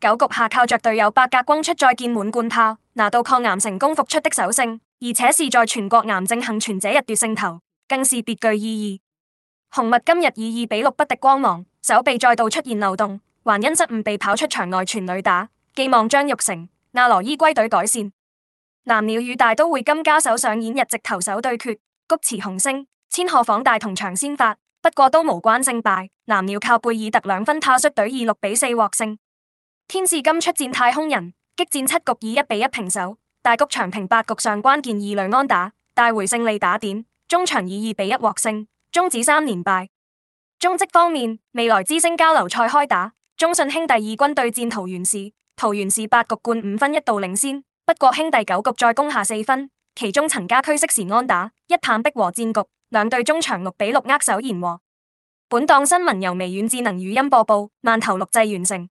九局下靠着隊友八格轟出再見滿貫炮，拿到抗癌成功復出的首勝，而且是在全國癌症幸存者日奪勝投，更是別具意義。紅襪今日以二比六不敵光芒，手臂再度出現漏洞，還因失誤被跑出場內全壘打。寄望張玉成、阿羅伊歸隊改善。藍鳥與大都會今家手上演日籍投手對決，菊池雄星、千賀滉大同場先發，不過都無關勝敗。藍鳥靠貝爾特兩分踏率隊以六比四獲勝。天使今出戰太空人，激戰七局以一比一平手，大谷翔平八局上關鍵二壘安打帶回勝利打點，中場以二比一獲勝，終止三連敗。中職方面，未來之星交流賽開打，中信兄弟二軍對戰桃園市，桃園市八局冠五分一度領先，不過兄弟九局再攻下四分，其中陳家駒適時安打一探逼和戰局，兩隊中場六比六握手言和。本檔新聞由微軟智能語音播報，慢頭錄製完成。